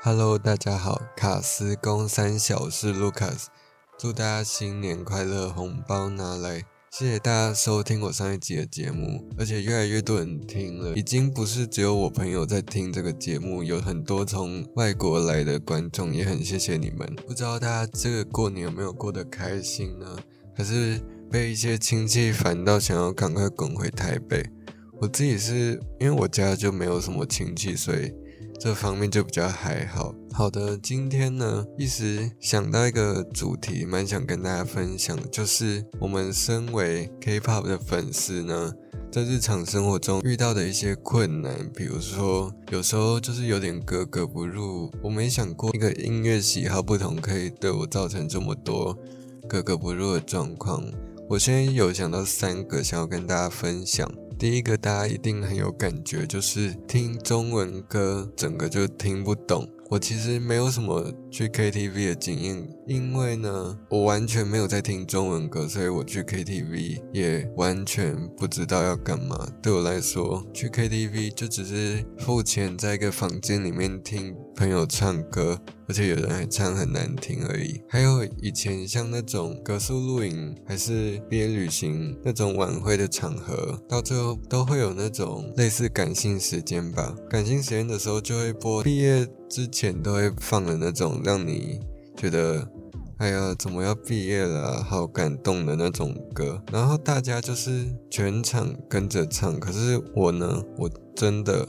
Hello，大家好，卡斯供三小是 Lucas，祝大家新年快樂，紅包拿來！謝謝大家收聽我上一集的節目，而且越來越多人聽了，已經不是只有我朋友在聽這個節目，有很多從外國來的觀眾，也很謝謝你們。不知道大家這個過年有沒有過得開心呢？還是被一些親戚煩到想要趕快滾回台北？我自己是因為我家就沒有什麼親戚，所以。這方面就比較還好。好的，今天呢，一直想到一個主題，蠻想跟大家分享，就是我們身為 K-pop 的粉絲呢，在日常生活中遇到的一些困難，比如說有時候就是有點格格不入。我沒想過一個音樂喜好不同，可以對我造成這麼多格格不入的狀況。我先有想到三個，想要跟大家分享。第一個，大家一定很有感覺，就是聽中文歌，整個就聽不懂。我其實沒有什麼。去 KTV 的經驗，因為呢，我完全沒有在聽中文歌，所以我去 KTV 也完全不知道要幹嘛。對我來說，去 KTV 就只是付錢在一個房間裡面聽朋友唱歌，而且有人還唱很難聽而已。還有以前像那種隔宿露營，還是畢業旅行那種晚會的場合，到最後都會有那種類似感性時間吧。感性時間的時候就會播畢業之前都會放的那種。讓你覺得，哎呀，怎麼要畢業了啊，好感動的那種歌，然後大家就是全場跟着唱，可是我呢，我真的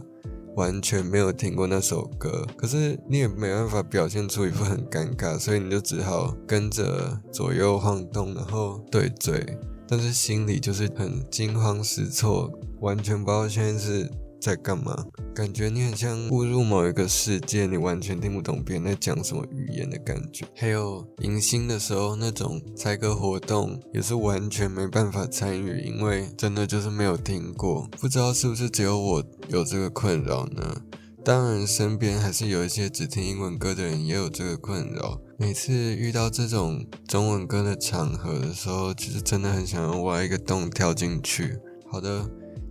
完全沒有聽過那首歌，可是你也沒辦法表現出一副很尷尬，所以你就只好跟着左右晃動，然後對嘴，但是心裡就是很驚慌失措，完全不知道現在是。在幹嘛？感覺你很像誤入某一個世界，你完全聽不懂別人在講什麼語言的感覺。還有迎新的時候那種猜歌活動，也是完全沒辦法參與，因為真的就是沒有聽過，不知道是不是只有我有這個困擾呢？當然，身邊還是有一些只聽英文歌的人也有這個困擾。每次遇到這種中文歌的場合的時候，其實真的很想要挖一個洞跳進去。好的。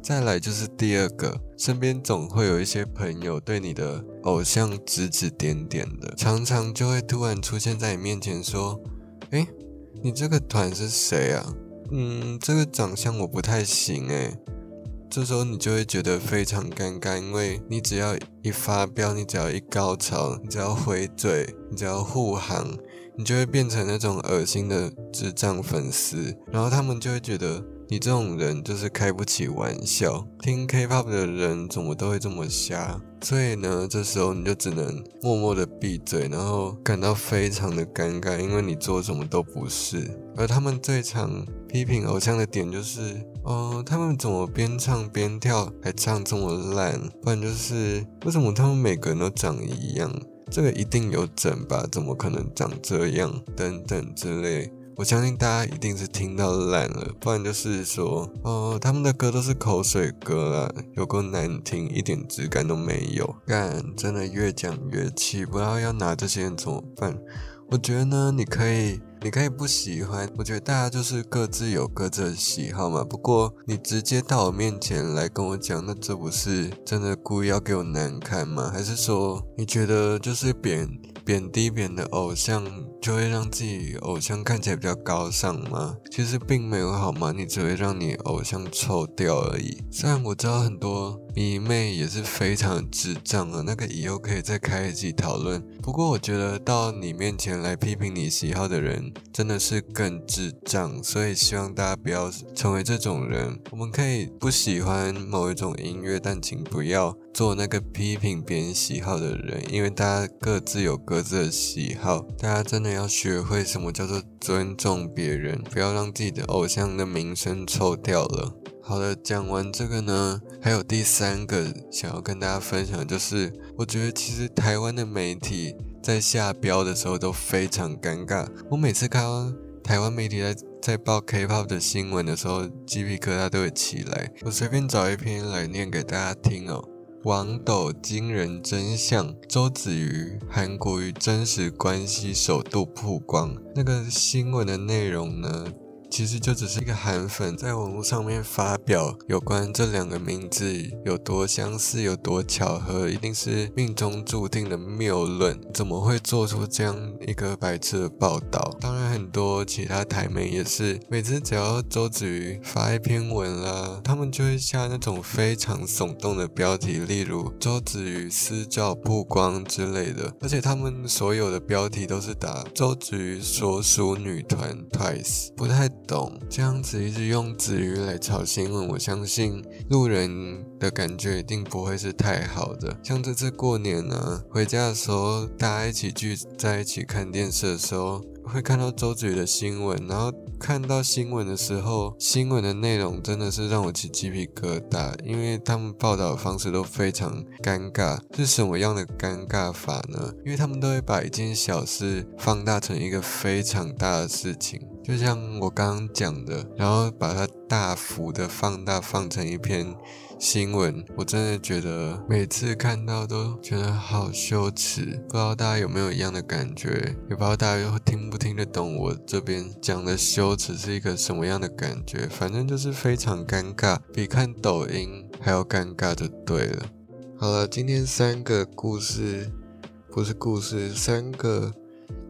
再來就是第二個，身邊總會有一些朋友對你的偶像指指點點的，常常就會突然出現在你面前說：“欸，你這個團是誰啊？嗯，這個長相我不太行欸。”這時候你就會覺得非常尷尬，因為你只要一發飆，你只要一高潮，你只要回嘴，你只要護航，你就會變成那種噁心的智障粉絲，然後他們就會覺得。你這種人就是開不起玩笑，聽 K-pop 的人怎麼都會這麼瞎，所以呢，這時候你就只能默默的閉嘴，然後感到非常的尷尬，因為你做什麼都不是。而他們最常批評偶像的點就是，哦、呃，他們怎麼邊唱邊跳還唱這麼爛，不然就是為什麼他們每個人都長一樣，這個一定有整吧，怎麼可能長這樣，等等之類。我相信大家一定是聽到爛了，不然就是說，哦，他們的歌都是口水歌啊，有夠難聽，一點質感都沒有。幹，真的越講越氣，不知道要拿這些人怎麼辦。我覺得呢，你可以，你可以不喜歡。我覺得大家就是各自有各自的喜好嘛。不過你直接到我面前來跟我講，那這不是真的故意要給我難看嗎？還是說你覺得就是貶貶低別人的偶像？就會讓自己偶像看起來比較高尚嗎？其實並沒有好嗎？你只會讓你偶像臭掉而已。雖然我知道很多迷妹也是非常的智障啊，那個以後可以再開一集討論。不過我覺得到你面前來批評你喜好的人真的是更智障，所以希望大家不要成為這種人。我們可以不喜歡某一種音樂，但請不要做那個批評別人喜好的人，因為大家各自有各自的喜好，大家真的。要學會什麼叫做尊重別人，不要讓自己的偶像的名聲臭掉了。好了，講完這個呢，還有第三個想要跟大家分享的，就是我覺得其實台灣的媒體在下標的時候都非常尷尬。我每次看到台灣媒體在在報 K-pop 的新聞的時候，雞皮疙瘩都會起來。我隨便找一篇來念給大家聽哦。王斗驚人真相，周子瑜韓國瑜真實關係首度曝光。那個新聞的內容呢？其實就只是一個韓粉在網絡上面發表有關這兩個名字有多相似、有多巧合，一定是命中注定的謬論，怎麼會做出這樣一個白痴的報道？當然，很多其他台媒也是，每次只要周子瑜發一篇文啦，他們就會下那種非常聳動的標題，例如“周子瑜私照曝光”之類的，而且他們所有的標題都是打周子瑜所屬女團 Twice 不太懂，這樣子一直用子瑜來炒新聞，我相信路人的感覺一定不會是太好的。像這次過年呢、啊，回家的時候，大家一起聚在一起看電視的時候，會看到周子瑜的新聞。然後看到新聞的時候，新聞的內容真的是讓我起雞皮疙瘩，因為他們報道的方式都非常尷尬。是什麼樣的尷尬法呢？因為他們都會把一件小事放大成一個非常大的事情。就像我剛剛講的，然後把它大幅的放大，放成一篇新聞。我真的覺得每次看到都覺得好羞恥，不知道大家有沒有一樣的感覺？也不知道大家又聽不聽得懂我這邊講的羞恥是一個什麼樣的感覺？反正就是非常尷尬，比看抖音還要尷尬，就對了。好了，今天三個故事，不是故事，三個。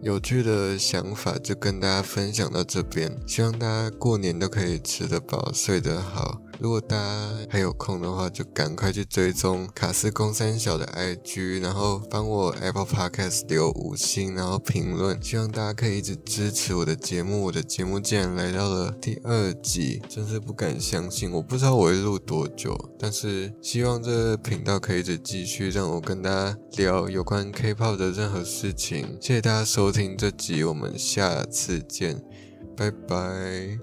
有趣的想法就跟大家分享到這邊，希望大家過年都可以吃得飽、睡得好。如果大家還有空的話，就趕快去追蹤卡斯供三小的 IG，然後幫我 Apple Podcast 留五星，然後評論。希望大家可以一直支持我的節目，我的節目竟然來到了第二集，真是不敢相信。我不知道我會錄多久，但是希望這頻道可以一直繼續，讓我跟大家聊有關 K-POP 的任何事情。謝謝大家收聽這集，我們下次見，拜拜。